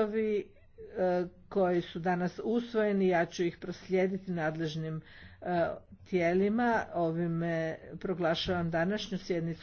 tekstovi e, koji su danas usvojeni, ja ću ih proslijediti nadležnim e, tijelima. Ovime proglašavam današnju sjednicu.